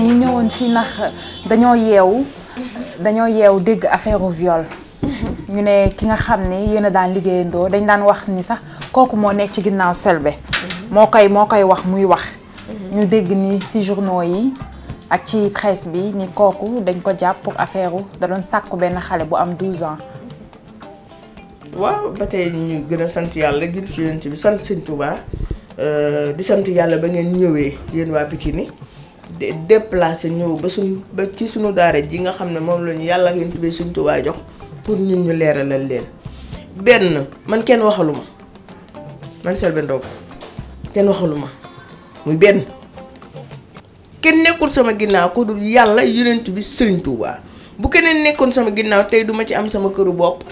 ñu ñëwoon fii nax dañoo yeewu dañoo yeewu dégg affaire au viol ñu ne ki nga xam ni yéen a daan liggéeyandoo dañ daan wax ni sax kooku moo nekk ci ginnaaw selbe moo koy moo koy wax muy wax ñu dégg ni ci journaux yi ak ci presse bi ni kooku dañ ko jàpp pour affaire da doon sàkku benn xale bu am 12 ans waaw ba tey ñu gën a sant yàlla gën si yonent bi sant Sëñ Tuubaa euh, di sant yàlla ba ngeen ñëwee yéen waa Pikine déplacé ñëw ba suñ ba ci suñu daara ji nga xam ne moom la yàlla yonent bi suñ Tuubaa jox pour ñun ñu leeralal leen benn man kenn waxaluma man Selbé Ndom kenn waxaluma muy benn kenn nekkul sama ginnaaw ku dul yàlla yonent bi sëriñ Tuubaa bu keneen nekkoon sama ginnaaw tey duma ci am sama këru bopp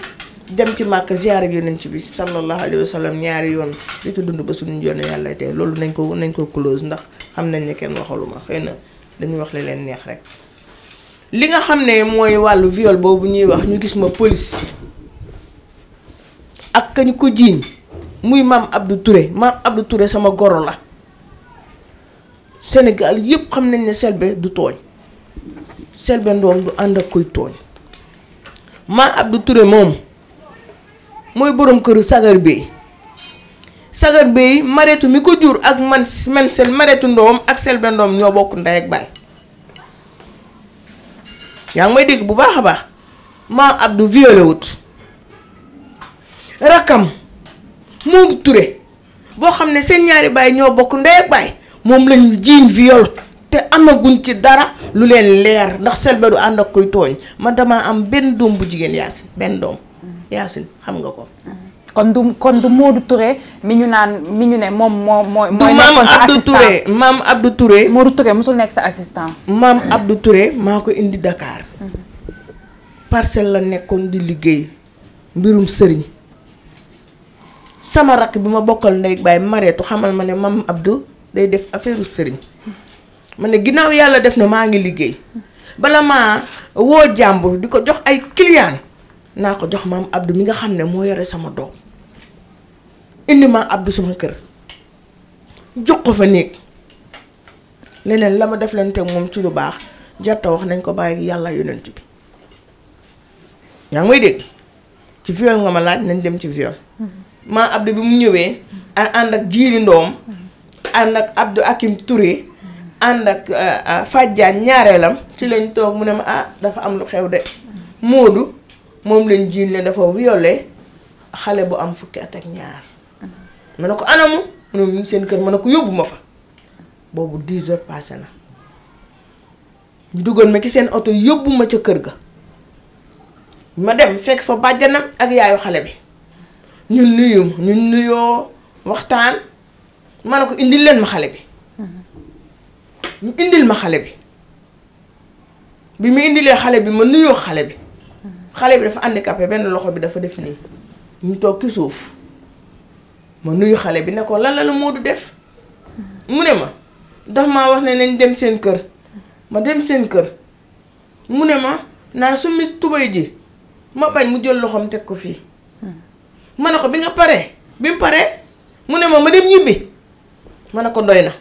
dem ci màkk ziyaar ak ci bi sallallahu alayhi wa ñaari yoon li ko dund ba suñu yoon yàlla te loolu nañ ko nañ ko close ndax xam nañ ne kenn waxaluma xëy na dañuy wax li leen neex rek. li nga xam ne mooy wàllu viole boobu ñuy wax ñu gis ma polis ak kañ ko jiin muy maam Abdou Touré maam Abdou ture sama goro la Sénégal yëpp xam nañ ne Selbé du tooñ Selbé ànd ak koy tooñ maam Abdou Touré moom. mooy borom këru sagar bey sagar bey maretu mi ko jur ak man man seen maretu ndoom ak selbe ndoom ñoo bokk ndey ak baay yaa ngi may dégg bu baax a baax maam Abdou violé wut rakam Moodu Ture boo xam ne seen ñaari baay ñoo bokk ndey ak baay moom lañu jiiñ viol te amaguñ ci dara lu leen leer ndax selbe du ànd ak kuy tooñ man damaa am benn doom bu jigéen Yaasin benn doom Yacine xam nga ko. Ah. kon du kon du Modou Touré ñu naan mi ñu ne moom moo mooy. mooy assistant du maam Abdou Touré maam Abdou Touré. Modou nekk sa assistant. maam Abdou Touré maa ko indi dakaar mm-hmm. parcelle la nekkoon di liggéey mbirum sëriñ sama rakk bi ma bokkal ndey baay mareetu xamal ma ne maam Abdou day def affaire sëriñ ma ne ginnaaw yàlla def na maa ngi liggéey bala maa woo jàmbur di ko jox ay client naa ko jox mam Abdou mi nga xamne mo yoré sama doom indi ma Abdou sama kër jox ko fa nek lenen lama ma def leen teg moom ci lu bax jotta wax nañ ko baye yalla yonent bi ya ngoy deg ci viol nga ma laaj nañ dem ci viol mm-hmm. ma Abdou bi mu ñëwé ak ànd ak jiri ndom and mm-hmm. ak Abdou Akim Touré and ak euh, euh, Fadjaan ñaarelam ci lañ tok mu ne ma ah dafa am lu xew de mm-hmm. modou moom lañ jiin leen dafa violé xale bu am fukki at ak ñaar mm-hmm. ma ne ko anamu mu seen kër ma ne ko yóbbu ma fa boobu 10 heures passé na ñu dugal ma ci seen oto yóbbu ma ca kër ga ma dem fekk fa bàjjanam ak yaayu xale bi ñun nuyu ñun nuyoo waxtaan ma ne ko indil leen ma xale bi mm-hmm. ñu indil ma xale bi bi mu indilee xale bi ma nuyoo xale bi xale bi dafa handicapé benn loxo bi dafa def nii ñu toog ci suuf ma nuyu xale bi ne ko lan la la Moodu def mu ne ma ndax ma wax ne nañ dem seen kër ma dem seen kër mu ne ma naa summi tubay ji ma bañ mu jël loxoom teg ko fii ma ne ko bi nga paree bi mu paree mu ne ma ma dem ñibbi ma ne ko doy na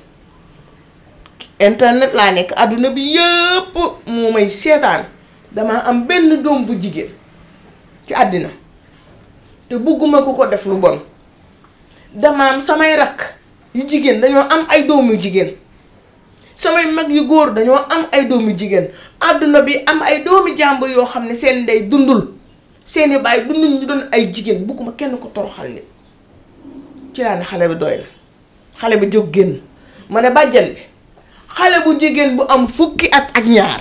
internet laa nekk àdduna bi yëpp moo may seetaan damaa am benn doom bu jigéen ci àddina te bëgguma ku ko def lu bon dama am samay rakk yu jigéen dañoo am ay doom yu jigéen samay mag yu góor dañoo am ay doom yu jigéen àdduna bi am ay doomi jàmbur yoo xam ne seen ndey dundul seeni baay dundul ñu doon ay jigéen bëgguma kenn ko toroxal nit ci laa xale bi doy na xale bi jóg génn ma ne bàjjan bi xale bu jigéen bu am fukki at ak ñaar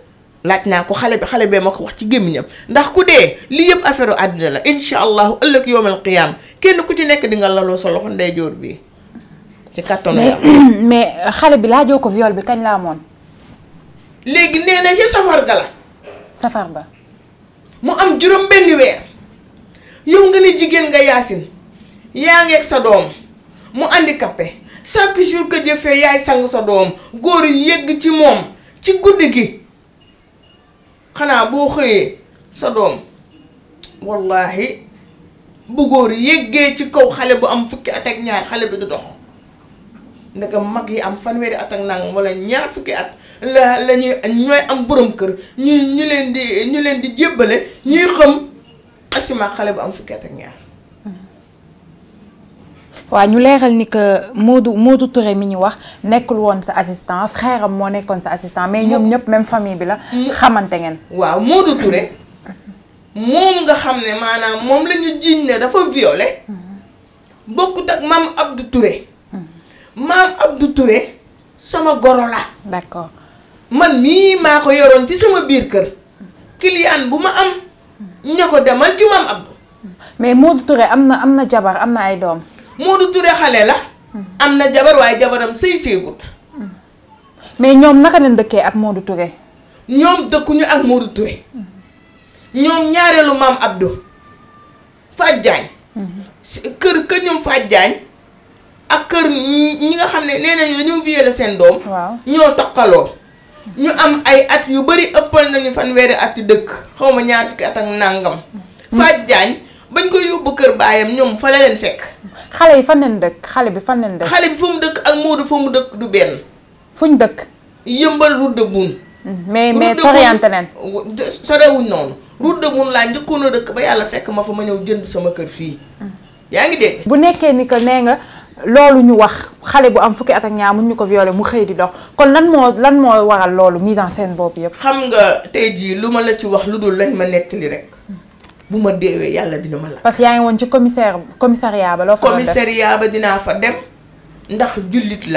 laaj naa ko xale bi xale bee ma ko wax ci gémmiñam ndax ku dee li yëpp affaire àddina la incha allahu ëllëg yoomal qiyaam kenn ku ci nekk dinga laloo sa loxo ndeyjoor bi ci kàttanu xale bi laajoo ko viol bi kañ moon léegi nee na ci safar ga la mu am juróom benn weer yow nga ne jigéen nga yaasin yaa ngeeg sa doom mu handicapé chaque jour que jëfee yaay sang sa doom góor yëg ci moom ci guddi gi xanaa boo xëyee sa doom wallahi bu góor yéggee ci kaw xale bu am fukki at ak ñaar xale bi du dox ndaka mag yi am fanweeri at ak nangam wala ñaar fukki at la la ñooy am borom kër ñu ñu leen di ñu leen di jébbale ñuy xam asima xale bu am fukki at ak ñaar wa ñu léral ni que Modou Modou Touré mi ñu wax nekul won sa assistant frère mo nekkon sa assistant mais ñom ñep même famille bi la. Mm. xamanté ngeen. waaw Modou Touré mom nga xamné ne mom lañu la dafa violé mm-hmm. bokkut ak mam Abdou Touré mm-hmm. mam Abdou Touré sama gorola. la. d'accord man mi mako yoron ci sama biir kër client bu ma am. ñako mm-hmm. demal ci mam Abdou. mais Modou Touré amna amna jabar amna ay dom moo du Touré xale la. Hmm. am na jabar waaye jabaram sëy sëygut. Hmm. mais ñoom naka lañ dëkkee ak Modou Touré. ñoom dëkkuñu ak Modou Touré. Hmm. ñoom ñaareelu maam Abdou. Fatou Diagne. kër kër ñoom Fatou Diagne ak kër ñi nga xam ne nee nañu dañoo violé seen doom. waaw ñoo toqaloo. ñu am ay at yu bari ëppal nañu fanweeri at yu dëkk xaw ma ñaar fukki at ak nàngam. Fatou Diagne bañ ko yóbbu kër baayam ñoom fa la leen fekk. xale yi fan leen dëkk xale bi fan leen dëkk. xale bi fa mu dëkk ak Modou fa mu dëkk du benn. fu ñu dëkk. yëmbal route de mm-hmm. mais mais soriante nañ. sorewuñ noonu. route de laa njëkkoon a dëkk ba yàlla fekk ma fa ma ñëw jënd sama kër fii. Mm-hmm. yaa ngi dégg. bu nekkee ni que nee nga loolu ñu wax xale bu am fukki at ak ñaar mun ñu ko violé mu xëy di dox kon lan moo lan moo waral loolu mise en scène boobu yëpp. xam nga tey jii lu ma la ci wax lu dul lañ ma nettali rek. bu ma deewee yàlla dina ma la. parce que yaa ngi woon ci commissaire commissariat ba loo fa ba dinaa fa dem ndax jullit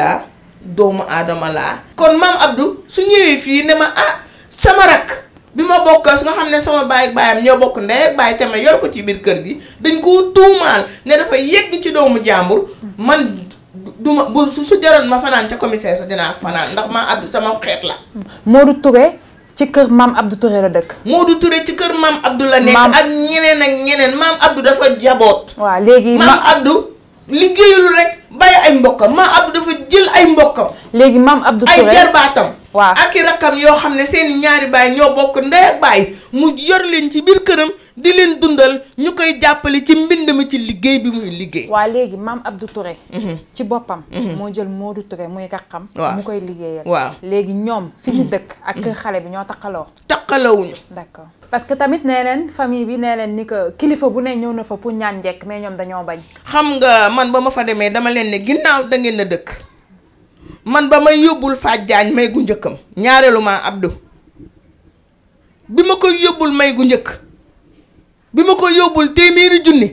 doomu aadama laa. kon maam Abdou su ñëwee fii ne ma ah sama rak bi ma bokkal su nga xam ne sama baay ak baayam ñoo bokk ndey ak baay te ma yor ko ci biir kër gi dañ ko tuumaal ne dafa yegg ci doomu jàmbur man. du duma bu su su jaroon ma fanaan ca commissaire sa dinaa fanaan ndax maa Abdou sama xeet la Modou Touré ci kër maam Abdou ture la dëkk. du Touré ci kër maam Abdou la nekk. ak ñeneen ak ñeneen maam Abdou dafa jaboot. waaw léegi maam Abdou. liggéeyul rek bàyyi ay mbokkam maam Abdou dafa jël ay mbokkam. léegi maam Abdou Touré ay jarbaatam. waaw ak i rakkam yoo xam ne seen ñaari baay ñoo bokk ndey ak mu yor leen ci biir këram di leen dundal ñu koy jàppale ci mbind mi ci liggéey bi muy liggéey. waa léegi maam Abdou Touré. Mhm. ci boppam. Mhm. moo jël Modou Touré muy rakkam. waaw mu koy liggéeyal. waaw léegi ñoom fi ñu mhm. dëkk. ak kër xale bi ñoo taqaloo. taqalawuñu. d'accord parce que tamit nee leen famille bi nee leen ni que kilifa bu ne ñëw na fa pour ñaan njekk mais ñoom dañoo bañ. xam nga man ba ma fa demee dama leen ne ginnaaw da ngeen dëkk. man ba may yóbbul faj jaañ may gu njëkkam ñaareelu maa Abdou bi ma koy yóbbul may gu njëkk bi ma koy yóbbul téeméeri junni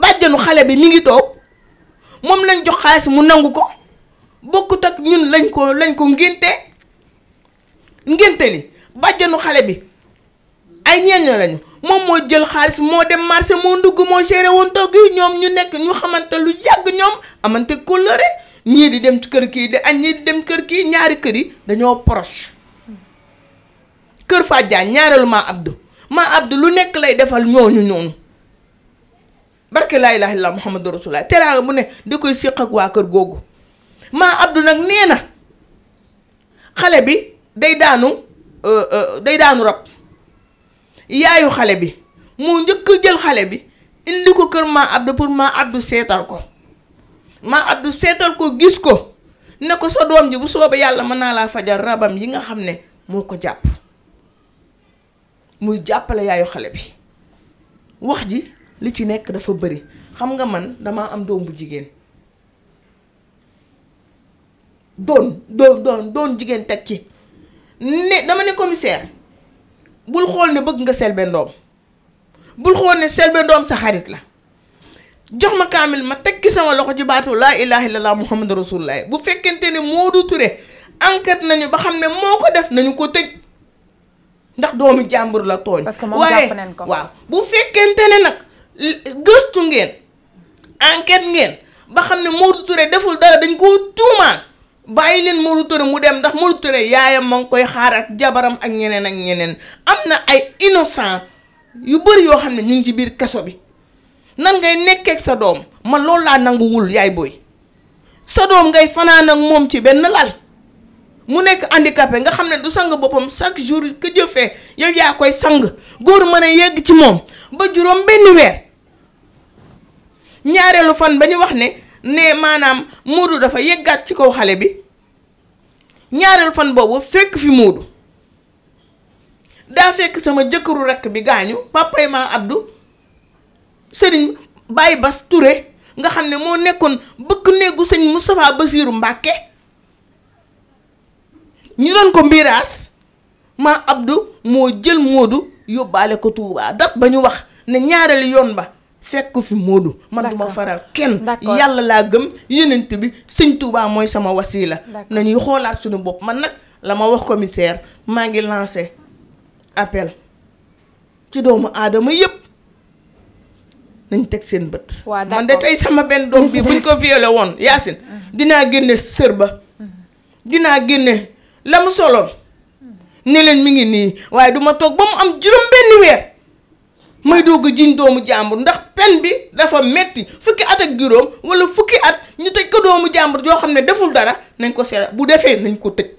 bàjjanu xale bi mi ngi toog moom lañ jox xaalis mu nangu ko bokkut ak ñun lañ ko lañ ko ngénte ngénte li bàjjanu xale bi ay ñeeño lañu moom moo jël xaalis moo dem marché moo ndugg moo géré woon togg ñoom ñu nekk ñu xamante lu yàgg ñoom amante kóllëre ñii di dem ci kër kii de añ ñii di dem kër kii ñaari kër yi dañoo proche kër Fatou Diagne ñaareelu maa Abdou maa Abdou lu nekk lay defal ñooñu ñooñu barke laa ilaaha illallaah Muhammadu Rasulullaah teraanga mu ne di koy séq waa kër googu maa Abdou nag nee na xale bi day daanu euh, euh, day daanu rab yaayu xale bi moo njëkk jël xale bi indi ko kër ma Abdou pour maa Abdou seetal ko ma Abdou seetal ko gis ko ne ko sa doom ji bu soobee yàlla mën naa laa fajar rabam yi nga xam ne moo ko jàpp muy jàppale yaayu xale bi wax ji li ci nekk dafa bari xam nga man damaa am doom bu jigéen doon doon doon doon jigéen teg ci ne dama ne commissaire bul xool ne bëgg nga Selbé Ndom bul xool ne Selbé Ndom sa xarit la jox ma kaamil ma tekki sama loxo ci baatu laa ilaha illallah muhammadu rasulullah bu fekkente ne moo du ture enquête nañu ba xam ne moo ko def nañu ko tëj ndax doomu jàmbur la tooñ. parce que moom jàpp nañ ko waaw bu fekkente ne nag gëstu ngeen enquête ngeen ba xam ne Modou Touré deful dara dañ koo tuumaan bàyyi leen Modou ture mu dem ndax Modou ture yaayam ma ngi koy xaar ak jabaram ak ñeneen ak ñeneen am na ay innocent yu bëri yoo xam ne ñu ngi ci biir kaso bi. nan ngay nekkeek sa doom man loolu laa nanguwul yaay booy sa doom ngay fanaan ak moom ci benn lal mu nekk handicapé nga xam ne du sang boppam chaque jour que Dieu fait yow yaa koy sang góor mën a yegg ci moom ba juróom benn weer ñaareelu fan ba ñu wax ne ne maanaam Moodu dafa yeggaat ci kaw xale bi ñaareelu fan boobu fekk fi Moodu daa fekk sama jëkkëru rakk bi gaañu papay ma sëriñ Baye bas ture nga xam ne moo nekkoon bëkk néegu sëñ Moustapha Bassirou Mbacke ñu doon ko mbiiraas ma Abdou moo jël Modou yóbbaale ko Touba dat ba ñu wax ne ñaareelu yoon ba fekk fi Modou man duma faral kenn yàlla laa gëm yenent bi sëñ Touba mooy sama na ñuy xoolaat suñu bopp man nag la ma wax commissaire maa ngi lancé appel ci doomu aadama yëpp nañ teg seen bët. waaw man de tey sama benn doom bi buñ ko violé woon Yacine. dinaa génne sër ba. dinaa génne la mu soloon. ne leen mi ngi nii waaye duma toog ba mu am juróom benn weer. may doog jiñ doomu jàmbur ndax pen bi dafa metti fukki at ak juróom wala fukki at ñu tëj ko doomu jàmbur joo xam ne deful dara nañ ko seera bu defee nañ ko tëj.